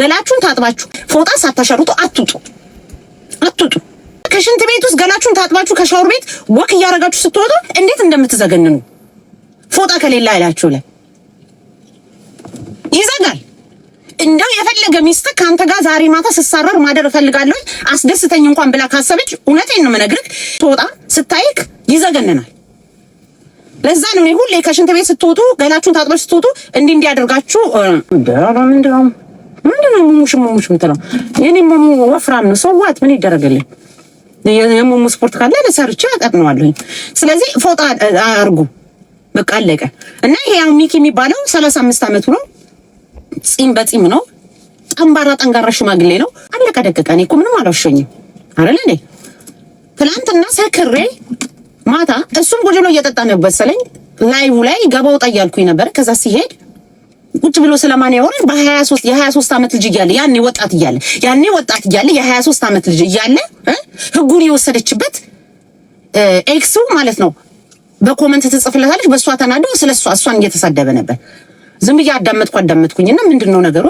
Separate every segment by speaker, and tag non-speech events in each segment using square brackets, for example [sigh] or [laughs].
Speaker 1: ገላችሁን ታጥባችሁ ፎጣ ሳታሸሩጡ አትውጡ አትውጡ። ከሽንት ቤት ውስጥ ገላችሁን ታጥባችሁ ከሻወር ቤት ወክ እያደረጋችሁ ስትወጡ እንዴት እንደምትዘገንኑ ፎጣ ከሌላ አይላችሁ ላይ ይዘጋል። እንደው የፈለገ ሚስት ከአንተ ጋር ዛሬ ማታ ስሳረር ማደር እፈልጋለሁ አስደስተኝ እንኳን ብላ ካሰበች እውነቴን ነው የምነግርህ፣ ፎጣ ስታይክ ይዘገንናል። ለዛ ነው ሁሌ ከሽንት ቤት ስትወጡ ገላችሁን ታጥባችሁ ስትወጡ እንዲህ እንዲያደርጋችሁ
Speaker 2: ምንድን ነው ሙሙሽ ሙሙሽ የምትለው? የኔ ሙሙ ወፍራም ነው። ሰዋት ምን ይደረግልኝ? የሙሙ ስፖርት ካለ ለሰርቼ አቀጥነዋለሁኝ። ስለዚህ ፎጣ አርጉ በቃ አለቀ። እና ይሄ ያው ሚኪ የሚባለው ሰላሳ አመቱ ነው። ጺም በጺም ነው። ጠንባራ ጠንጋራ ሽማግሌ ነው። አለቀ ደቀቀ። እኔ እኮ ምንም አይደል እንዴ? ሰክሬ ማታ እሱም ቁጭ እየጠጣ ነው መሰለኝ ላይ ገባ ወጣ እያልኩኝ ነበር። ከዛ ሲሄድ ቁጭ ብሎ ስለማን ያወራል? በ23 የ23 ዓመት ልጅ እያለ ያኔ ወጣት እያለ ያኔ ወጣት እያለ የ23 ዓመት ልጅ እያለ ህጉን የወሰደችበት ኤክሱ ማለት ነው። በኮመንት ትጽፍለታለች። በእሷ ተናዶ ስለሷ እሷን እየተሳደበ ነበር። ዝም ብዬ አዳመጥኩ አዳመጥኩኝና ምንድን ነው ነገሩ?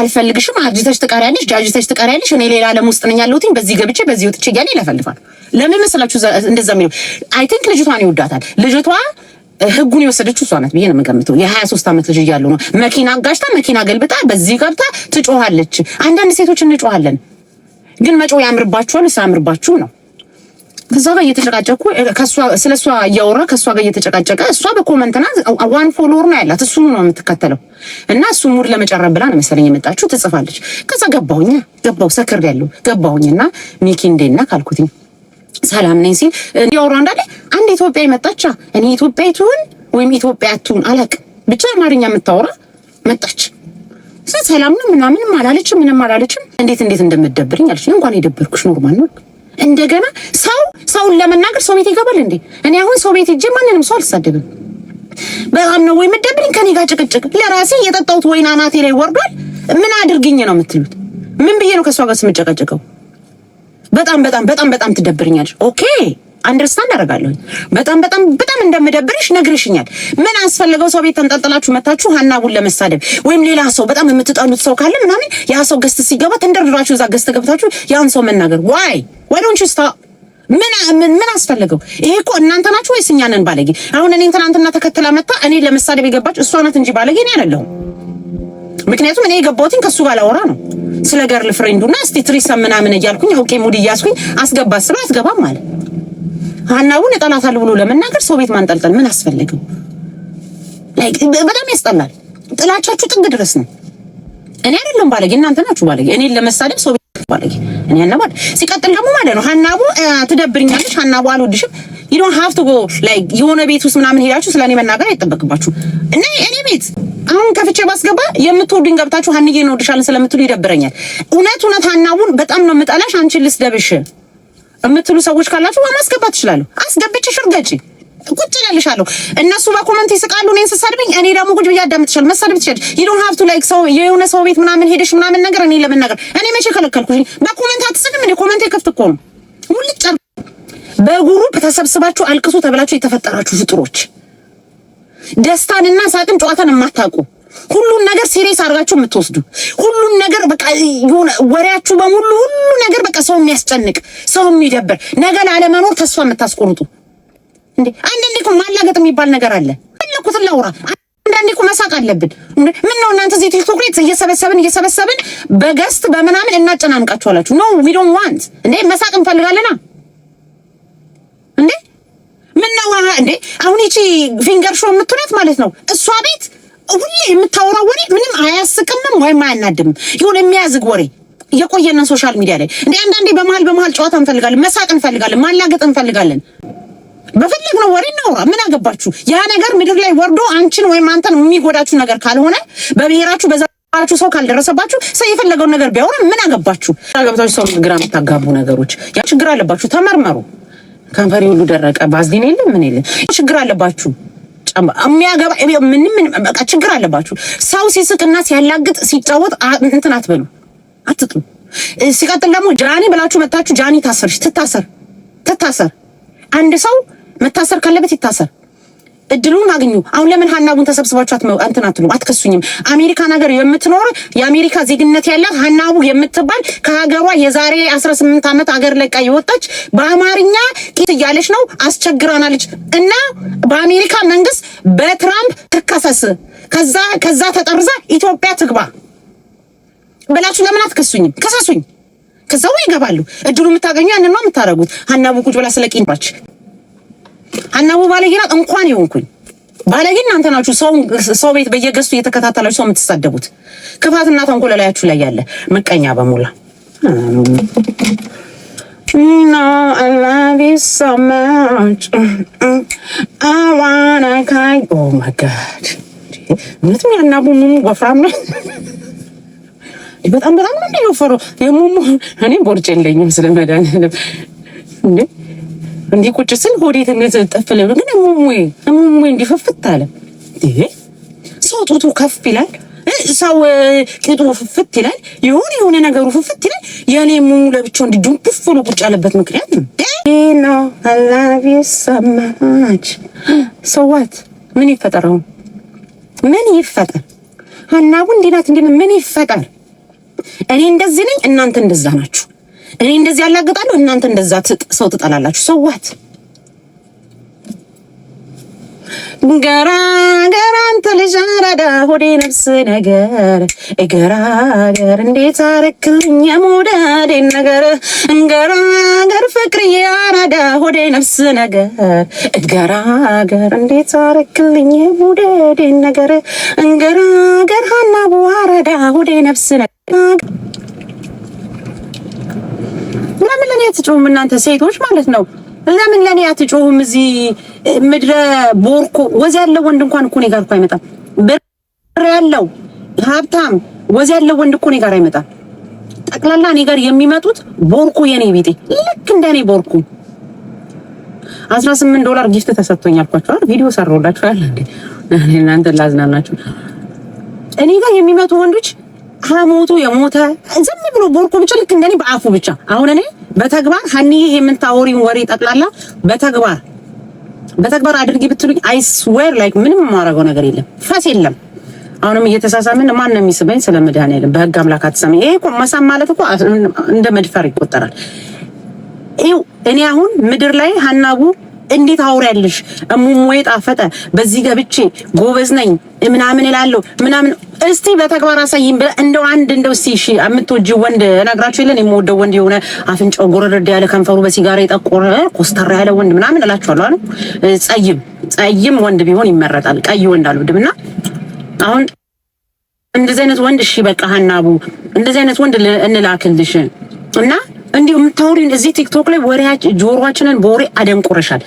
Speaker 2: አልፈልግሽም፣ አርጅተሽ ትቀሪያለሽ፣ ጃጅተሽ ትቀሪያለሽ፣ እኔ ሌላ ዓለም ውስጥ ነኝ ያለሁትኝ፣ በዚህ ገብቼ በዚህ ወጥቼ እያለ ይለፈልፋል። ለምን መሰላችሁ እንደዛ የሚለው? አይ ቲንክ ልጅቷን ይወዳታል ልጅቷ ህጉን የወሰደችው እሷ ናት ብዬ ነው የምገምተው። የሀያ ሶስት ዓመት ልጅ እያሉ ነው መኪና አጋጅታ መኪና ገልብጣ በዚህ ገብታ ትጮኋለች። አንዳንድ ሴቶች እንጮኋለን፣ ግን መጮ ያምርባችኋል። እሷ ያምርባችሁ ነው ከዛ ጋር እየተጨቃጨቁ ከሷ እሷ እያወራ ከእሷ ጋር እየተጨቃጨቀ እሷ በኮመንትና ዋን ፎሎወር ነው ያላት እሱኑ ነው የምትከተለው። እና እሱ ሙድ ለመጨረብ ብላ ነው መሰለኝ የመጣችሁ ትጽፋለች። ከዛ ገባሁኝ ገባው ሰክር ያለው ገባሁኝና ሚኪ እንዴና ካልኩትኝ ሰላም ነኝ ሲል እንዲያወራ እንዳለ አንድ ኢትዮጵያ መጣቻ። እኔ ኢትዮጵያ ትሁን ወይም ኢትዮጵያ ትሁን አላቅ፣ ብቻ አማርኛ የምታወራ መጣች። ሰላም ነው ምናምንም አላለችም፣ ምንም አላለችም። እንዴት እንዴት እንደምደብርኝ አለች። እንኳን የደበርኩሽ ኖርማል ነው። እንደገና ሰው ሰውን ለመናገር ሰው ቤት ይገባል እንዴ? እኔ አሁን ሰው ቤት ሂጅ ማንንም ሰው አልሳደብም። በጣም ነው ወይ የምትደብሪኝ? ከኔ ጋር ጭቅጭቅ ለራሴ የጠጣሁት ወይን አናቴ ላይ ወርዷል። ምን አድርግኝ ነው የምትሉት? ምን ብዬ ነው ከእሷ ጋር ስምጨቀጭቀው በጣም በጣም በጣም በጣም ትደብርኛለሽ። ኦኬ አንደርስታንድ አደርጋለሁ። በጣም በጣም በጣም እንደምደብርሽ ነግርሽኛል። ምን አስፈልገው ሰው ቤት ተንጠልጥላችሁ መታችሁ ሀናቡን ለመሳደብ ወይም ሌላ ሰው በጣም የምትጠሉት ሰው ካለ ምናምን ያ ሰው ገስት ሲገባ ተንደርድራችሁ እዛ ገስት ገብታችሁ ያን ሰው መናገር ዋይ ዋይ ዶንት ዩ ስታፕ ምን ምን ምን አስፈልገው? ይሄ እኮ እናንተ ናችሁ ወይስ እኛ ነን ባለጌ? አሁን እኔን ትናንትና ተከትላ መጣ እኔ ለመሳደብ የገባች እሷ ናት እንጂ ባለጌ እኔ አይደለሁም። ምክንያቱም እኔ የገባሁትን ከሱ ጋር ላወራ ነው። ስለ ገርል ፍሬንዱና እስቲ ትሪሳ ምናምን እያልኩኝ አውቄ ሙድ እያስኩኝ አስገባት ስለው አስገባም አለ። ሀናቡን እጠላታለሁ ብሎ ለመናገር ሰው ቤት ማንጠልጠል ምን አስፈለገው? በጣም ያስጠላል። ጥላቻችሁ ጥግ ድረስ ነው። እኔ አይደለም ባለጌ፣ እናንተ ናችሁ ባለጌ። እኔን ለመሳደብ ሰው ቤት ባለጌ። እኔ ያለባል ሲቀጥል ደግሞ ማለት ነው ሀናቡ ትደብርኛለች፣ ሀናቡ አልወድሽም ዩ ዶንት ሃቭ ቱ ጎ ላይክ የሆነ ቤት ውስጥ ምናምን ሄዳችሁ ስለኔ መናገር አይጠበቅባችሁ። እና እኔ ቤት አሁን ከፍቼ ባስገባ የምትወዱኝ ገብታችሁ ሀንዬ ነው ስለምትሉ ይደብረኛል። እውነት እውነት ሀናቡን በጣም ነው የምጠላሽ አንቺን ልስደብሽ የምትሉ ሰዎች ካላችሁ ማስገባት ትችላለሁ። አስገብቼሽ እርገጪ ቁጭ እልልሻለሁ። እነሱ በኮመንት ይስቃሉ እኔን ስሰድብኝ፣ እኔ ደግሞ ቁጭ ብዬ አዳምጥሻለሁ። መሰድብ ትችያለሽ። ዩ ዶንት ሃቭ ቱ ላይክ ሰው የሆነ ሰው ቤት ምናምን ሄደሽ ምናምን ነገር እኔ ለመናገር እኔ መቼ ከለከልኩሽ? በኮመንት አትስድም እንዴ? ኮመንት የከፍት እኮ ነው ሙልጭ በጉሩፕ ተሰብስባችሁ አልቅሱ ተብላችሁ የተፈጠራችሁ ፍጡሮች፣ ደስታንና ሳቅን ጨዋታን የማታውቁ ሁሉን ነገር ሲሪየስ አድርጋችሁ የምትወስዱ ሁሉን ነገር በቃ የሆነ ወሬያችሁ በሙሉ ሁሉ ነገር በቃ ሰው የሚያስጨንቅ ሰው የሚደብር ነገ ላለመኖር ተስፋ የምታስቆርጡ እንዴ! አንዳንዴ እኮ ማላገጥ የሚባል ነገር አለ። ፈለኩትን ላውራ። አንዳንዴ እኮ መሳቅ አለብን። ምን ነው እናንተ እዚህ ቲክቶክ ላይ እየሰበሰብን እየሰበሰብን በገስት በምናምን እናጨናንቃችኋላችሁ። ኖ ዊ ዶንት ዋንት እንዴ! መሳቅ እንፈልጋለና እንዴ ምነው እንዴ አሁን ይቺ ፊንገር ሾ የምትውላት ማለት ነው እሷ ቤት ሁሌ የምታወራው ወሬ ምንም አያስቅምም ወይም አያናድምም። ይሁን የሚያዝግ ወሬ እየቆየንን ሶሻል ሚዲያ ላይ እንደ አንዳንዴ በመሀል በመሀል ጨዋታ እንፈልጋለን፣ መሳቅ እንፈልጋለን፣ ማላገጥ እንፈልጋለን። በፈለግነው ወሬ እናውራ፣ ምን አገባችሁ? ያ ነገር ምድር ላይ ወርዶ አንቺን ወይም አንተን የሚጎዳችሁ ነገር ካልሆነ በብሔራችሁ በዘራችሁ ሰው ካልደረሰባችሁ ሰው የፈለገውን ነገር ቢያወራ ምን አገባችሁ? ገብታችሁ ሰው ግራ የምታጋቡ ነገሮች ያ ችግር አለባችሁ፣ ተመርመሩ። ከንፈሬ ሁሉ ደረቀ። ባዝሊን የለም ምን የለም። ችግር አለባችሁ የሚያገባ ምንም በቃ ችግር አለባችሁ። ሰው ሲስቅና ሲያላግጥ ሲጫወት እንትን አትበሉ፣ አትጥሉ። ሲቀጥል ደግሞ ጃኒ ብላችሁ መታችሁ ጃኒ ታሰርሽ፣ ትታሰር፣ ትታሰር። አንድ ሰው መታሰር ካለበት ይታሰር። እድሉን አግኙ። አሁን ለምን ሀናቡን ተሰብስባችሁ እንትን አትሉ? አትከሱኝም። አሜሪካ ነገር የምትኖር የአሜሪካ ዜግነት ያላት ሀናቡ የምትባል ከሀገሯ የዛሬ 18 ዓመት አገር ለቃ የወጣች በአማርኛ ቂት እያለች ነው አስቸግራናለች። እና በአሜሪካ መንግስት በትራምፕ ትከሰስ፣ ከዛ ከዛ ተጠርዛ ኢትዮጵያ ትግባ ብላችሁ ለምን አትከሱኝም? ከሰሱኝ። ከዛው ይገባሉ። እድሉ የምታገኙ ያንን ነው የምታደርጉት። ሀናቡ ቁጭ ብላ ስለቂንባች ሀናቡ ባለጌ ናት እንኳን የሆንኩኝ ባለጌ እናንተ ናችሁ። ሰው ቤት በየገዝቱ እየተከታተላችሁ ሰው የምትሳደቡት ክፋትና ተንኮል ላያችሁ ላይ ያለ ምቀኛ በሙላ እና አላቤሰማች አዋናካይ ኦማጋድ እውነትም ያናቡ ሙሙ ወፍራም ነው። በጣም በጣም ነው የወፈረው የሙሙ እኔ ቦርጭ የለኝም ስለመድኃኒዓለም እንዲህ ቁጭ ስል ሆዴት እንደተጠፈ ለብሎ ግን እሙሙዬ እሙሙዬ እንዲፈፍት አለ። ሰው ጡቱ ከፍ ይላል፣ ሰው ቂጡ ፍፍት ይላል፣ የሆነ የሆነ ነገሩ ፍፍት ይላል። የኔ እሙሙ ለብቻው እንዲህ ጁምፕፍ ብሎ ቁጭ ያለበት ምክንያት ነው። ኖ አላቪ ሰማች ሰዋት ምን ይፈጠረው? ምን ይፈጠር? ሀናቡ እንዲህ ናት። እንዲህ ምን ይፈጠር? እኔ እንደዚህ ነኝ፣ እናንተ እንደዛ ናችሁ። እኔ እንደዚህ ያላግጣለሁ፣ እናንተ እንደዛ ሰው ትጠላላችሁ። ሰዋት ገራ ገራ አንተ ልጅ አራዳ ሆዴ ነፍስ ነገር ገራ ገር እንዴት አረክኝ የሞዳዴን ነገር ገራ ገር ፍቅርዬ አራዳ ሆዴ ነፍስ ነገር ገራ ገር እንዴት አረክልኝ የሞዳዴን ነገር ገራ ገር ሀናቡ አራዳ ሆዴ ነፍስ ነገር ለምን ለኔ አትጮሁም? እናንተ ሴቶች ማለት ነው። ለምን ለኔ አትጮሁም? እዚህ ምድረ ቦርኮ ወዝ ያለው ወንድ እንኳን እኮ እኔ ጋር እኮ አይመጣም። ብር ያለው ሀብታም ወዝ ያለው ወንድ እኮ እኔ ጋር አይመጣም። ጠቅላላ እኔ ጋር የሚመጡት ቦርኮ የኔ ቤቴ ልክ እንደኔ ቦርኮ 18 ዶላር ጊፍት ተሰጥቶኝ አልኳቸው አይደል? ቪዲዮ ሰራሁላችሁ አይደል? እናንተ ላዝናናችሁ እኔ ጋር የሚመጡ ወንዶች ከሞቱ የሞተ ዝም ብሎ ቦርኮ ብቻ ልክ እንደኔ በአፉ ብቻ። አሁን እኔ በተግባር ሀኒዬ የምታወሪውን ወሬ ጠቅላላ በተግባር በተግባር አድርጊ ብትሉኝ አይስዌር ላይክ ምንም የማደርገው ነገር የለም፣ ፈስ የለም። አሁንም እየተሳሳምን ማን ነው የሚስበኝ? ስለ መድኃኒዓለም በህግ አምላክ አትሰማኝ። ይሄ እኮ መሳም ማለት እኮ እንደ መድፈር ይቆጠራል። ይኸው እኔ አሁን ምድር ላይ ሀናቡ እንዴት አውሪያለሽ እሙሙዬ ጣፈጠ፣ በዚህ ገብቼ ጎበዝ ነኝ ምናምን እላለሁ ምናምን እስቲ በተግባር አሳይኝ ብለህ እንደው አንድ እንደው እስቲ እሺ፣ የምትወጂው ወንድ እነግራችሁ የለን የምወደው ወንድ የሆነ አፍንጫው ጎረረድ ያለ ከንፈሩ በሲጋራ የጠቆረ ኮስተር ያለ ወንድ ምናምን እላችኋለሁ አሉ። ጸይም ጸይም ወንድ ቢሆን ይመረጣል። ቀይ ወንድ አልወድም እና አሁን እንደዚህ አይነት ወንድ እሺ፣ በቃ ሀናቡ እንደዚህ አይነት ወንድ እንላክልሽ እና እንዲሁ የምታወሪን እዚህ ቲክቶክ ላይ ወሬያች ጆሮአችንን በወሬ አደንቁረሻል።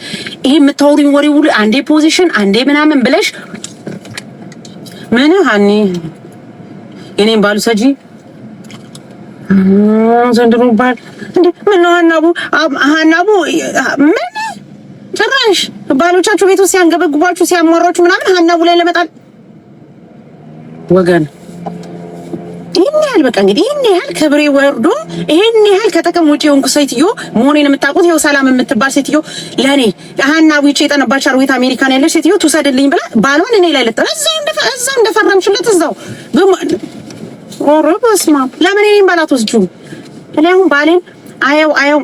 Speaker 2: ይሄ የምታወሪን ወሬ ሁሉ አንዴ ፖዚሽን አንዴ ምናምን ብለሽ ምን ሀኒ የኔን ባሉ ሰጂ ዘንድሮ ባል እንዴ? ምን ነው ሀናቡ ሀናቡ ምን ጭራሽ ባሎቻችሁ ቤት ውስጥ ሲያንገበግቧችሁ ሲያሟሯችሁ ምናምን ሀናቡ ላይ ለመጣል ወገን ይህን ያህል በቃ እንግዲህ ይህን ያህል ክብሬ ወርዶ ይህን ያህል ከጥቅም ውጭ የሆንኩ ሴትዮ መሆኔን የምታውቁት ይኸው ሰላም የምትባል ሴትዮ ለእኔ ሀና ዊቼ የጠነባች አርዊት አሜሪካን ያለች ሴትዮ ትውሰድልኝ ብላ ባሏን እኔ ላይ ልጥላ እዛው እንደፈረምሽለት እዛው ኧረ በስመ አብ ለምን እኔን ባላት ወስጁ እኔ አሁን ባሌን አየው አየው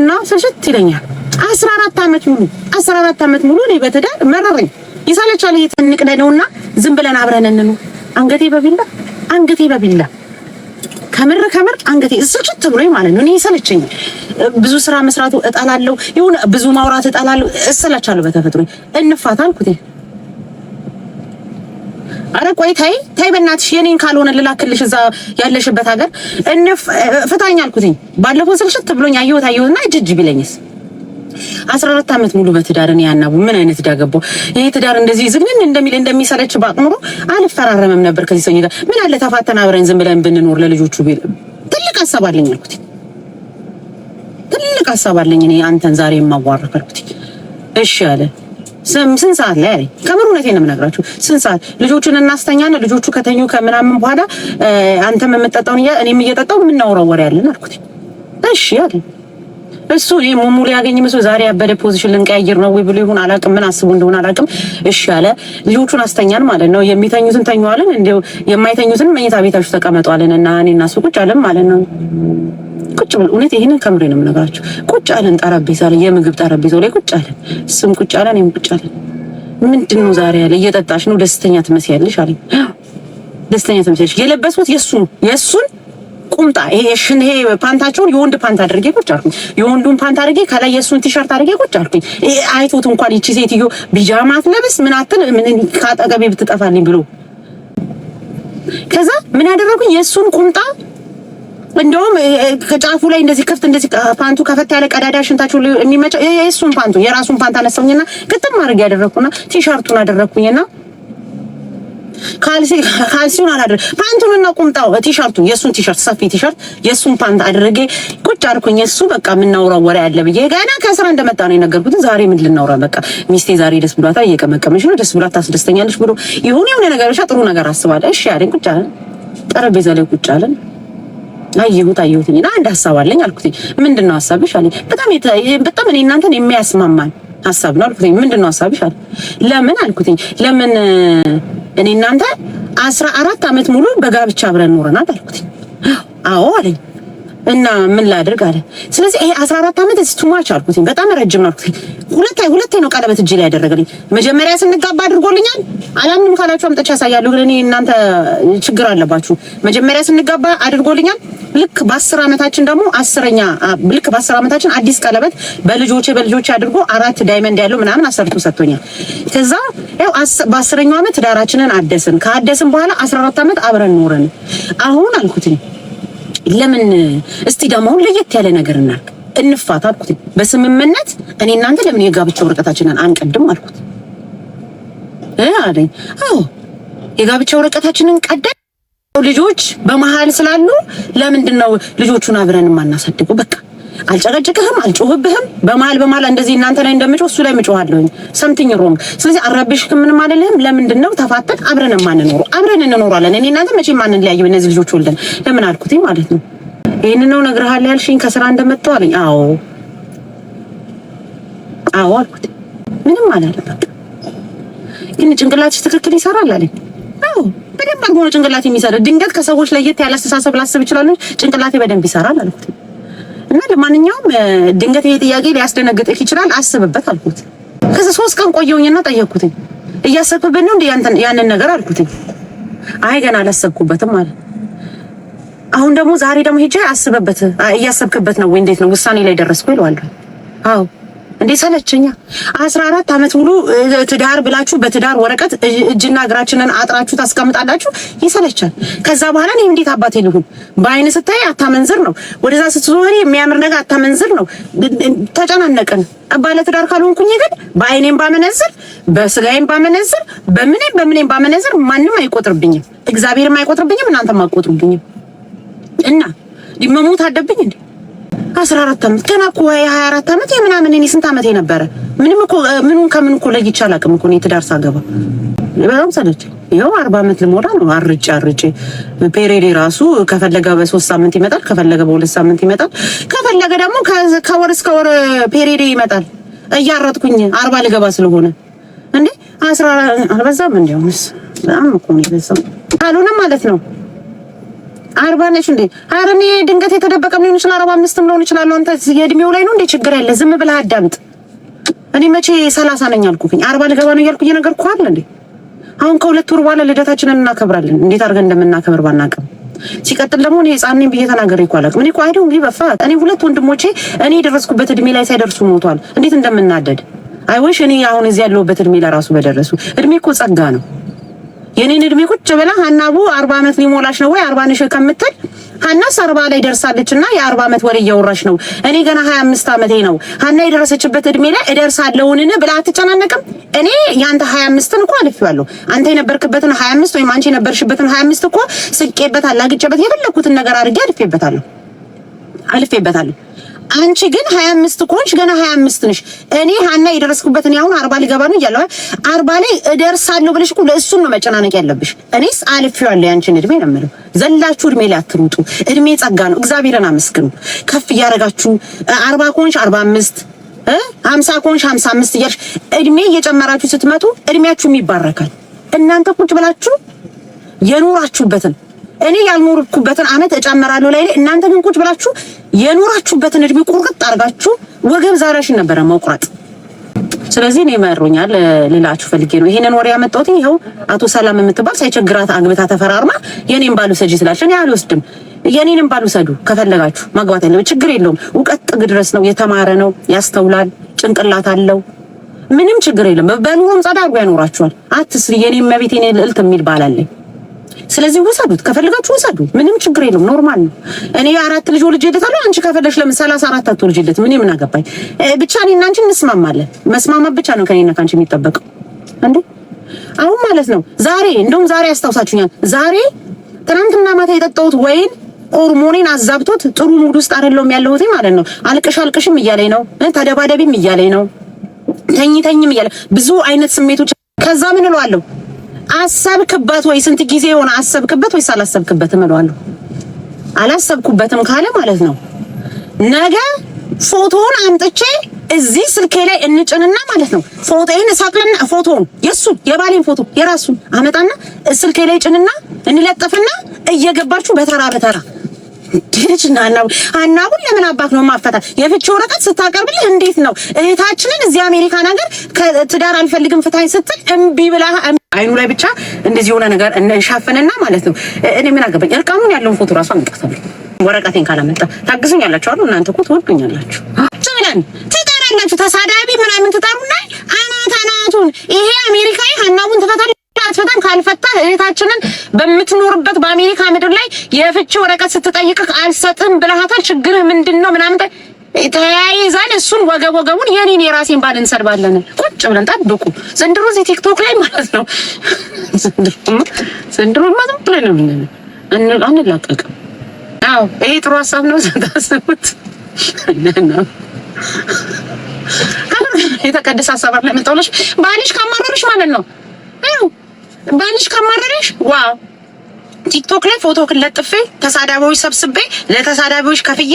Speaker 2: እና ስልሽት ይለኛል። አስራ አራት ዓመት ሙሉ አስራ አራት ዓመት ሙሉ እኔ በትዳር መረረኝ። ይሰለቻል። እየተንቅደ ነውና ዝም ብለን አብረን እንኑ አንገቴ በቢላ አንገቴ በቢላ ከምር ከምር አንገቴ ዝጭት ብሎኝ ማለት ነው። እኔ ይሰለቸኝ ብዙ ስራ መስራቱ እጣላለሁ፣ ይሁን ብዙ ማውራት እጣላለሁ፣ እሰላቻለሁ። በተፈጥሮ እንፋታ አልኩት። አረ ቆይ ታይ ታይ፣ በእናትሽ የኔን ካልሆነ ልላክልሽ እዛ ያለሽበት ሀገር እንፍ ፍታኝ አልኩት። ባለፈው ስልሽት ብሎኝ አየሁት አየሁትና እጅ ቢለኝስ አስራ አራት ዓመት ሙሉ በትዳርን ያናቡ ምን አይነት ዳገቦ ይሄ ትዳር እንደዚህ ዝግምን እንደሚል እንደሚሰለች ባቅኖሮ አልፈራረምም ነበር ከዚህ ሰው ጋር። ምን አለ ተፋተን አብረን ዝም ብለን ብንኖር ለልጆቹ ቢል ትልቅ ሀሳብ አለኝ አልኩት። ትልቅ ሀሳብ አለኝ እኔ አንተን ዛሬ የማዋራህ አልኩት። እሺ አለ። ስንት ሰዓት ላይ አለኝ። ከምር እውነቴን ነው የምነግራችሁ። ስንት ሰዓት ልጆቹን እናስተኛና ልጆቹ ከተኙ ከምናምን በኋላ አንተም የምጠጣውን እኔም እየጠጣሁ የምናወራው ወሬ አለን አልኩት። እሺ አለኝ። እሱ ይሄ ሙሙ ሊያገኝ መስሎ ዛሬ ያበደ ፖዚሽን ልንቀያየር ነው ወይ ብሎ ይሁን አላውቅም። ምን አስቡ እንደሆነ አላውቅም። እሺ አለ። ልጆቹን አስተኛን ማለት ነው። የሚተኙትን ተኛዋለን፣ እንዲያው የማይተኙትን መኝታ ቤታችሁ ተቀመጧለን እና እኔና እሱ ቁጭ አለን ማለት ነው። ቁጭ ብለን እውነት ይሄንን ከምሬ ነው የምነግራችሁ። ቁጭ አለን ጠረጴዛ ላይ የምግብ ጠረጴዛው ላይ ቁጭ አለን። እሱም ቁጭ አለ፣ እኔም ቁጭ አለን። ምንድን ነው ዛሬ አለ። እየጠጣሽ ነው፣ ደስተኛ ትመስያለሽ አለኝ። ደስተኛ ትመስያለሽ። የለበስኩት የእሱን የእሱን ቁምጣ ይሄ ሽንሄ ፓንታቸውን የወንድ ፓንት አድርጌ ቁጭ አልኩኝ። የወንዱን ፓንት አድርጌ ከላይ የእሱን ቲሸርት አድርጌ ቁጭ አልኩኝ። ይሄ አይቶት እንኳን ይቺ ሴትዮ ቢጃማት ለብስ ምን አትል ምን ካጠገቤ ብትጠፋልኝ ብሎ ከዛ ምን አደረኩኝ? የእሱን ቁምጣ እንደውም ከጫፉ ላይ እንደዚህ ክፍት እንደዚህ ፓንቱ ከፈት ያለ ቀዳዳ ሽንታችሁ የሚመጫ የእሱን ፓንቱ የራሱን ፓንት አነሳሁኝና ግጥም አድርጌ ያደረኩና ቲሸርቱን አደረኩኝና ካልሲውን አላደረ ፓንቱንና ቁምጣው ቲሸርቱ የሱን ቲሸርት ሰፊ ቲሸርት የሱን ፓንት አደረገ። ቁጭ አልኩኝ። እሱ በቃ የምናውራው ወሬ አለ ብዬ ገና ከስራ እንደመጣ ነው የነገርኩት። ዛሬ ምን ልናውራ በቃ ሚስቴ ዛሬ ደስ ብሏታ እየቀመቀመች ነው፣ ደስ ብሏት ታስደስተኛለች ብሎ ይሁን የሆነ ነገር ብቻ ጥሩ ነገር አስባለ። እሺ አለኝ። ቁጭ አለን፣ ጠረጴዛ ላይ ቁጭ አለን። አየሁት አየሁት እና አንድ ሀሳብ አለኝ አልኩት። ምንድን ነው ሀሳብሽ አለኝ። በጣም በጣም እኔ እናንተን የሚያስማማን ሀሳብ ነው አልኩትኝ። ምንድን ነው ሀሳብሽ አለ። ለምን አልኩትኝ። ለምን እኔ እናንተ አስራ አራት አመት ሙሉ በጋብቻ አብረን ኖረናል አልኩትኝ። አዎ አለኝ። እና ምን ላድርግ አለ። ስለዚህ ይሄ 14 ዓመት እስቲ ቱማች አልኩት፣ በጣም ረጅም ነው አልኩትኝ። ሁለቴ ሁለቴ ነው ቀለበት እጅ ላይ ያደረገልኝ። መጀመሪያ ስንጋባ አድርጎልኛል። አላምንም ካላችሁ አምጥቼ አሳያለሁ፣ ግን እኔ እናንተ ችግር አለባችሁ። መጀመሪያ ስንጋባ አድርጎልኛል። ልክ በ በአስር ዓመታችን ደግሞ አስረኛ ልክ በ10 ዓመታችን አዲስ ቀለበት በልጆቼ በልጆቼ አድርጎ አራት ዳይመንድ ያለው ምናምን አሰርቶ ሰጥቶኛል። ከዛ ያው በአስረኛው ዓመት ዳራችንን አደስን። ከአደስን በኋላ 14 ዓመት አብረን ኖረን አሁን አልኩትኝ ለምን እስቲ ደግሞ ለየት ያለ ነገር እናርግ እንፋታ አልኩት። በስምምነት እኔ እናንተ ለምን የጋብቻ ወረቀታችንን አንቀድም አልኩት። አለኝ። አዎ የጋብቻ ወረቀታችንን ቀደን ልጆች በመሀል ስላሉ ለምንድን ነው ልጆቹን አብረን የማናሳድገው? በቃ አልጨቀጭቅህም፣ አልጮህብህም። በመሀል በመሀል እንደዚህ እናንተ ላይ እንደምጮህ እሱ ላይ ምጮሃለሁ። ሰምቲንግ ሮንግ። ስለዚህ አረብሽክም፣ ምንም አልልህም። ለምንድን ነው ተፋተን አብረን የማንኖረው? አብረን እንኖራለን። እኔ እናንተ መቼ ማንን ማንለያየው። እነዚህ ልጆች ወልደን ለምን አልኩት ማለት ነው። ይህን ነው እነግርሃለሁ ያልሽኝ ከስራ እንደመጣሁ አለኝ። አዎ አዎ አልኩት። ምንም አላለም። ግን ጭንቅላትሽ ትክክል ይሰራል አለኝ። አዎ በደንብ አድርጎ ነው ጭንቅላት የሚሰራ። ድንገት ከሰዎች ለየት ያለ አስተሳሰብ ላስብ እችላለሁ። ጭንቅላቴ በደንብ ይሰራል አልኩት። እና ለማንኛውም ድንገት ይሄ ጥያቄ ሊያስደነግጥህ ይችላል፣ አስብበት አልኩት። ከዚህ ሶስት ቀን ቆየውኝና ጠየቅኩትኝ። እያሰብክበት ነው እንዴ ያንን ነገር አልኩትኝ። አይ ገና አላሰብኩበትም አለ። አሁን ደግሞ ዛሬ ደግሞ ሄጄ አስብበት፣ እያሰብክበት ነው ወይ እንዴት ነው ውሳኔ ላይ ደረስኩ ይለዋለሁ። አዎ እንዴ ሰለቸኛ። አስራ አራት አመት ሙሉ ትዳር ብላችሁ በትዳር ወረቀት እጅና እግራችንን አጥራችሁ ታስቀምጣላችሁ። ይሰለቻል። ከዛ በኋላ እኔ እንዴት አባቴ ልሁን? በአይን ስታይ አታመንዝር ነው፣ ወደዛ ስትዞሪ የሚያምር ነገር አታመንዝር ነው። ተጨናነቅን። ባለ ትዳር ካልሆንኩኝ ግን በአይኔም ባመነዝር፣ በስጋዬም ባመነዝር፣ በምንም በምንም ባመነዝር ማንም አይቆጥርብኝም። እግዚአብሔርም አይቆጥርብኝም፣ እናንተም አትቆጥሩብኝም። እና መሞት አለብኝ እንዴ? አስራ አራት ዓመት ገና እኮ የሀያ አራት ዓመት የምናምን እኔ ስንት ዓመት የነበረ ምንም እኮ ምኑን ከምን እኮ ለይቼ አላውቅም እኮ እኔ ትዳር ሳገባ በጣም ሰለቸኝ። ይኸው አርባ ዓመት ልሞላ ነው። አርጬ አርጬ ፔሬዴ ራሱ ከፈለገ በሶስት ሳምንት ይመጣል፣ ከፈለገ በሁለት ሳምንት ይመጣል፣ ከፈለገ ደግሞ ከወር እስከ ወር ፔሬዴ ይመጣል። እያረጥኩኝ አርባ ልገባ ስለሆነ እንዴ አስራ አልበዛም እንዲያውምስ በጣም እኮ ነው የበዛው። ካልሆነም ማለት ነው አርባ ነሽ እንዴ? ኧረ እኔ ድንገት የተደበቀም ሊሆን ይችላል፣ አርባ አምስትም ሊሆን ይችላል። አንተ የእድሜው ላይ ነው እንዴ ችግር ያለ? ዝም ብለህ አዳምጥ። እኔ መቼ ሰላሳ ነኝ አልኩኝ? አርባ ልገባ ነው እያልኩ እየነገርኩህ አይደል እንዴ? አሁን ከሁለት ወር በኋላ ልደታችንን እናከብራለን። እንዴት አድርገን እንደምናከብር ባናውቅም ሲቀጥል ደግሞ እኔ ህፃን ነኝ ብዬ ተናገር እኮ አላውቅም። እኔ እኮ አይደው እንግዲህ በፋ እኔ ሁለት ወንድሞቼ እኔ የደረስኩበት እድሜ ላይ ሳይደርሱ ሞቷል። እንዴት እንደምናደድ አይወሽ። እኔ አሁን እዚህ ያለሁበት እድሜ ላይ ራሱ በደረሱ እድሜ እኮ ጸጋ ነው። የኔን እድሜ ቁጭ ብላ ሀናቡ አርባ ዓመት ሊሞላሽ ነው ወይ አርባ ነሽ ከምትል ሀናስ አርባ ላይ ደርሳለች እና የአርባ ዓመት ወሬ እያወራች ነው። እኔ ገና ሀያ አምስት ዓመቴ ነው። ሀና የደረሰችበት እድሜ ላይ እደርሳለሁንን ብላ አትጨናነቅም። እኔ የአንተ ሀያ አምስትን እኮ አልፌዋለሁ። አንተ የነበርክበትን ሀያ አምስት ወይም አንቺ የነበርሽበትን ሀያ አምስት እኮ ስቄበት፣ አላግጬበት፣ የፈለግኩትን ነገር አድርጌ አልፌበታለሁ አልፌበታለሁ አንቺ ግን 25 ኮንሽ ገና 25 ነሽ። እኔ ሀና የደረስኩበት እኔ አሁን 40 ሊገባ ነው እያለሁ 40 ላይ እደርሳለሁ ብለሽ እኮ ለእሱም ነው መጨናነቅ ያለብሽ። እኔስ አልፌዋለሁ ያንቺን እድሜ ነው የምለው። ዘላችሁ እድሜ ላይ አትሩጡ። እድሜ ጸጋ ነው። እግዚአብሔርን አመስግኑ። ከፍ እያደረጋችሁ 40 ኮንሽ 45 እ 50 ኮንሽ 55 እያልሽ እድሜ እየጨመራችሁ ስትመጡ እድሜያችሁም ይባረካል። እናንተ ቁጭ ብላችሁ የኖራችሁበትን እኔ ያልኖርኩበትን አመት እጨምራለሁ ላይ እናንተ ግን ቁጭ ብላችሁ የኖራችሁበትን እድሜ ቁርጥ አድርጋችሁ ወገብ ዛሬሽን ነበረ መቁረጥ። ስለዚህ እኔ መሮኛል ሌላችሁ ፈልጌ ነው ይሄንን ወሬ ያመጣሁት። ይኸው አቶ ሰላም የምትባል ሳይቸግራት አግብታ ተፈራርማ የኔን ባሉ ሰጂ ስላልሽ እኔ አልወስድም። የኔንም ባሉ ሰዱ ከፈለጋችሁ፣ ማግባት ያለው ችግር የለውም። እውቀት ጥግ ድረስ ነው። የተማረ ነው፣ ያስተውላል፣ ጭንቅላት አለው። ምንም ችግር የለም። በኑሮም ጸዳ አድርጎ ያኖራችኋል። አትስሪ የኔ መቤት የኔ ልዕልት የሚል ባላለኝ ስለዚህ ውሰዱት፣ ከፈልጋችሁ ውሰዱ። ምንም ችግር የለም፣ ኖርማል ነው። እኔ አራት ልጅ ወልጄለታለሁ። አንቺ ከፈለሽ ለምን ሰላሳ አራት አትወልጂለትም? እኔ ምን አገባኝ። ብቻ እኔና አንቺ እንስማማለን። መስማማት ብቻ ነው ከኔና ከአንቺ የሚጠበቀው። እንዴ አሁን ማለት ነው ዛሬ እንደውም ዛሬ አስታውሳችሁኛል። ዛሬ ትናንትና ማታ የጠጣሁት ወይን ሆርሞኔን አዛብቶት ጥሩ ሙድ ውስጥ አይደለሁም ያለሁት ማለት ነው። አልቅሽ አልቅሽም እያለኝ ነው፣ ተደባደቢም እያለኝ ነው፣ ተኝ ተኝም እያለ ብዙ አይነት ስሜቶች ከዛ ምን እለዋለሁ አሰብክበት ወይ? ስንት ጊዜ የሆነ አሰብክበት ወይስ አላሰብክበትም እለዋለሁ። አላሰብኩበትም ካለ ማለት ነው ነገ ፎቶውን አምጥቼ እዚህ ስልኬ ላይ እንጭንና ማለት ነው ፎቶዬን እሳቅልና ፎቶውን የሱን የባሌን ፎቶ የራሱን አመጣና ስልኬ ላይ ጭንና እንለጠፍና እየገባችሁ በተራ በተራ ልጅ አናቡን ለምን አባት ነው ማፈታት? የፍቺ ወረቀት ስታቀርብልህ እንዴት ነው እህታችንን እዚህ አሜሪካ ነገር ከትዳር አልፈልግም ፍታኝ ስትል እምቢ ብላ አይኑ ላይ ብቻ እንደዚህ የሆነ ነገር እንሻፈነና ማለት ነው። እኔ ምን አገባኝ? እርቃኑን ያለውን ፎቶ ራሱ አምጣታለሁ። ወረቀቴን ካላመጣ ታግዙኛላችሁ አሉ። እናንተ እኮ ትወዱኛላችሁ ጭምለን ትጠራላችሁ፣ ተሳዳቢ ምናምን ትጠሩና አናት አናቱን ይሄ አሜሪካዊ ሀናቡን ትፈታል አስፈታን ካልፈታ እህታችንን በምትኖርበት በአሜሪካ ምድር ላይ የፍቺ ወረቀት ስትጠይቅ አልሰጥም ብለሃታል። ችግርህ ምንድን ነው ምናምን ተያይዛን እሱን ወገብ ወገቡን የኔን የራሴን ባል እንሰድባለን። ቁጭ ብለን ጠብቁ። ዘንድሮ እዚህ ቲክቶክ ላይ ማለት ነው [laughs] ዘንድሮ ዝም ብለን ነው አንላቀቅም። አዎ ይሄ ጥሩ ሀሳብ ነው። ስታስቡት የተቀደሰ ሀሳብ ለምጠውለሽ ባልሽ ካማረርሽ ማለት ነው ባልሽ ከማረረሽ ዋው ቲክቶክ ላይ ፎቶ ለጥፌ ተሳዳቢዎች ሰብስቤ ለተሳዳቢዎች ከፍዬ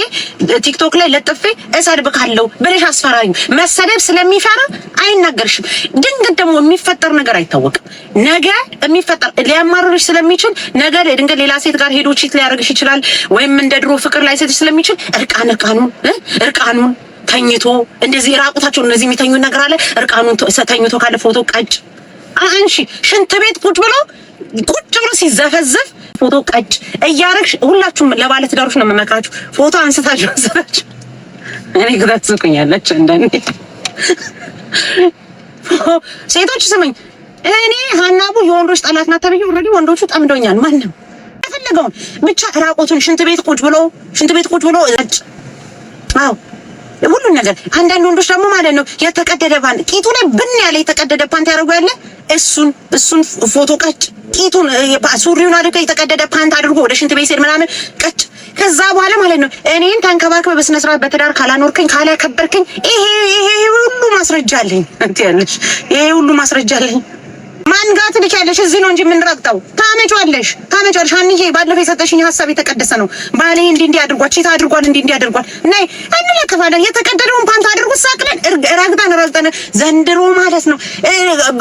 Speaker 2: ቲክቶክ ላይ ለጥፌ እሰድብካለሁ ብለሽ አስፈራሪ። መሰደብ ስለሚፈራ አይናገርሽም። ድንገት ደግሞ የሚፈጠር ነገር አይታወቅም። ነገ የሚፈጠር ሊያማርርሽ ስለሚችል ነገ ድንገት ሌላ ሴት ጋር ሄዶ ቺት ሊያደርግሽ ይችላል። ወይም እንደ ድሮ ፍቅር ላይ ሴትሽ ስለሚችል እርቃን እርቃኑን እርቃኑን ተኝቶ እንደዚህ ራቁታቸው እነዚህ የሚተኙ ነገር አለ። እርቃኑን ተኝቶ ካለ ፎቶ ቀጭ አንቺ ሽንት ቤት ቁጭ ብሎ ቁጭ ብሎ ሲዘፈዘፍ ፎቶ ቀጭ እያረግሽ ሁላችሁም ለባለ ትዳሮች ነው የምመክራችሁ። ፎቶ አንስታችሁ አንስታችሁ እኔ ግዛት ትስቁኛለች። እንደኔ ሴቶች ስመኝ እኔ ሀናቡ የወንዶች ጠላት ናት ተብዬ ኦልሬዲ ወንዶቹ ጠምደውኛል። ማንም የፈለገውን ብቻ ራቆቱን ሽንት ቤት ቁጭ ብሎ ሽንት ቤት ቁጭ ብሎ ቀጭ አዎ ሁሉን ነገር። አንዳንድ ወንዶች ደግሞ ማለት ነው የተቀደደ ፓንት ቂጡ ላይ ብን ያለ የተቀደደ ፓንት ያደርጉ ያለ እሱን እሱን ፎቶ ቀጭ ቂጡን ሱሪውን አድርገ የተቀደደ ፓንት አድርጎ ወደ ሽንት ቤት ሲሄድ ምናምን ቀጭ። ከዛ በኋላ ማለት ነው እኔን ተንከባክበ በስነ ስርዓት በትዳር ካላኖርከኝ ካላከበርከኝ፣ ይሄ ይሄ ሁሉ ማስረጃ አለኝ። አንተ ያለሽ ይሄ ሁሉ ማስረጃ አለኝ። ማንጋት ልቻለሽ። እዚህ ነው እንጂ የምንረግጠው። ታመጫለሽ፣ ታመጫለሽ። አንዬ ባለፈው የሰጠሽኝ ሀሳብ የተቀደሰ ነው። ባሌ እንዲህ እንዲህ አድርጓል፣ ቺታ አድርጓል፣ እንዲህ እንዲህ አድርጓል። ነይ እንለከፋለን። የተቀደደውን ፓንት አድርጉ። ሳቅለን ረግጠን ረግጠን ዘንድሮ ማለት ነው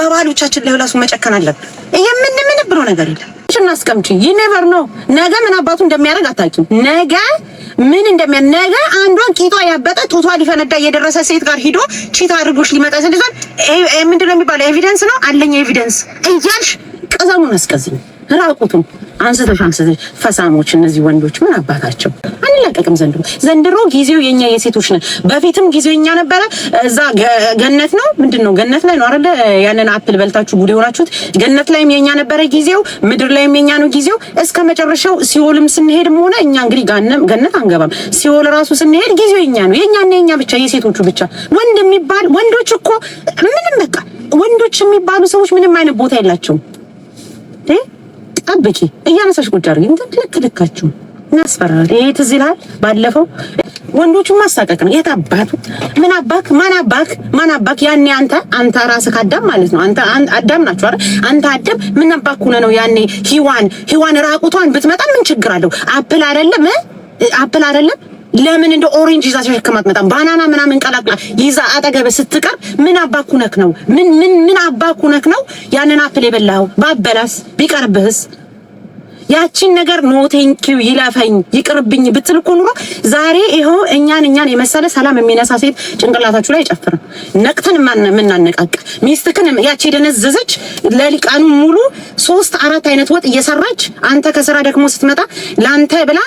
Speaker 2: በባሎቻችን ለሁላሱ ላሱ መጨከን አለብን። የምን ምን ብሎ ነገር የለም። እናስቀምጪ። ይህ ኔቨር ነው። ነገ ምን አባቱ እንደሚያደርግ አታውቂም። ነገ ምን እንደሚያ ነገ አንዷን ቂጧ ያበጠ ጡቷ ሊፈነዳ እየደረሰ ሴት ጋር ሂዶ ቺት አድርጎሽ ሊመጣ ስለዛን ምንድነው የሚባለው? ኤቪደንስ ነው አለኝ ኤቪደንስ እያልሽ ቀዘሙን አስቀዝኝ ራቁቱን አንስተሽ አንስተሽ ፈሳሞች፣ እነዚህ ወንዶች ምን አባታቸው አንላቀቅም ዘንድሮ ዘንድሮ ጊዜው የኛ የሴቶች ነን። በፊትም ጊዜው የኛ ነበረ። እዛ ገነት ነው ምንድን ነው ገነት ላይ ነው አይደለ? ያንን አፕል በልታችሁ ጉድ የሆናችሁት ገነት ላይም የኛ ነበረ ጊዜው፣ ምድር ላይም የኛ ነው ጊዜው እስከ መጨረሻው። ሲኦልም ስንሄድም ሆነ እኛ እንግዲህ ገነት አንገባም። ሲኦል ራሱ ስንሄድ ጊዜው የኛ ነው። የኛና የኛ ብቻ የሴቶቹ ብቻ። ወንድ የሚባል ወንዶች እኮ ምንም በቃ ወንዶች የሚባሉ ሰዎች ምንም አይነት ቦታ የላቸውም። ጠብቂ እያነሳሽ ቁጭ አድርጊ። ልክ ልካችሁ እናስፈራል። ይሄ ትዝ ይልሃል? ባለፈው ወንዶቹን ማሳቀቅ ነው። የት አባቱ ምን አባክ ማን አባክ ማን አባክ? ያኔ አንተ አንተ ራስህ አዳም ማለት ነው። አንተ አዳም ናችሁ አይደል? አንተ አዳም ምን አባክ ሆነ ነው ያኔ ሂዋን ሂዋን ራቁቷን ብትመጣ ምን ችግር አለው? አፕል አይደለም አፕል አይደለም ለምን እንደ ኦሬንጅ ይዛ ተሸክማ አትመጣም? ባናና ምናምን ቀላቅላ ይዛ አጠገበ ስትቀርብ ምን አባኩነክ ነው? ምን ምን ምን አባኩነክ ነው? ያንን አፕል የበላኸው ባበላስ ቢቀርብህስ ያቺን ነገር ኖ ቴንኪው ይለፈኝ ይቅርብኝ ብትልኩ ኑሮ ዛሬ ይኸው እኛን እኛን የመሰለ ሰላም የሚነሳ ሴት ጭንቅላታችሁ ላይ ጨፍረ ነቅተን የምናነቃቅ ሚስትክን ያቺ ደነዘዘች ለሊቃኑ ሙሉ ሶስት አራት አይነት ወጥ እየሰራች አንተ ከስራ ደክሞ ስትመጣ ለአንተ ብላ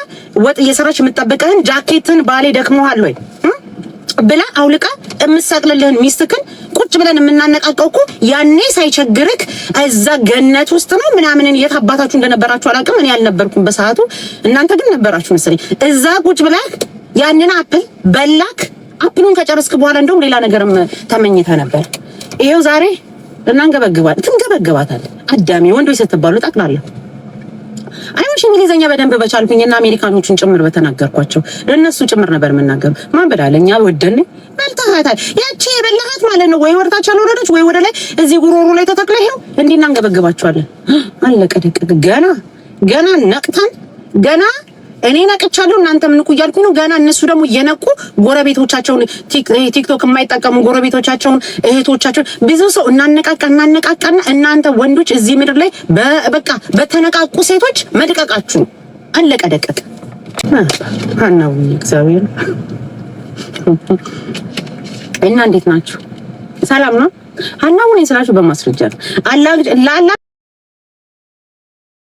Speaker 2: ወጥ እየሰራች የምጠብቅህን ጃኬትን ባሌ ደክሞሃል ወይ ብላ አውልቃ የምትሰቅልልህን ሚስትክን ቁጭ ብለን የምናነቃቀው እኮ ያኔ ሳይቸግርክ እዛ ገነት ውስጥ ነው ምናምን። የት አባታችሁ እንደነበራችሁ አላውቅም። እኔ አልነበርኩም በሰዓቱ፣ እናንተ ግን ነበራችሁ መሰለኝ። እዛ ቁጭ ብላ ያንን አፕል በላክ። አፕሉን ከጨረስክ በኋላ እንደውም ሌላ ነገርም ተመኝተ ነበር። ይሄው ዛሬ እናንገበግባል ትንገበግባታል። አዳሚ ወንዶች ስትባሉ ጠቅላለሁ አይሆንሽ እንግሊዘኛ በደንብ በቻልኩኝ እና አሜሪካኖቹን ጭምር በተናገርኳቸው ለነሱ ጭምር ነበር የምናገሩ። ማን በላለኛ ወደን በልታሃታል። ያቺ የበላሃት ማለት ነው ወይ ወርታች አልወረደች ወይ ወደ ላይ እዚህ ጉሮሮ ላይ ተተክለ ይሄው እንዲህ እናንገበግባቸዋለን። አለቀ ገና ገና ነቅታን ገና እኔ ነቅቻለሁ፣ እናንተም ንቁ እያልኩ ነው። ገና እነሱ ደግሞ እየነቁ ጎረቤቶቻቸውን፣ ቲክቶክ የማይጠቀሙ ጎረቤቶቻቸውን፣ እህቶቻቸውን ብዙ ሰው እናነቃቃ እናነቃቃና እናንተ ወንዶች እዚህ ምድር ላይ በቃ በተነቃቁ ሴቶች መድቀቃችሁ አለቀ ደቀቀ። አናው እግዚአብሔር እና እንዴት ናችሁ? ሰላም ነው። አናው ስላችሁ በማስረጃ ነው። አላ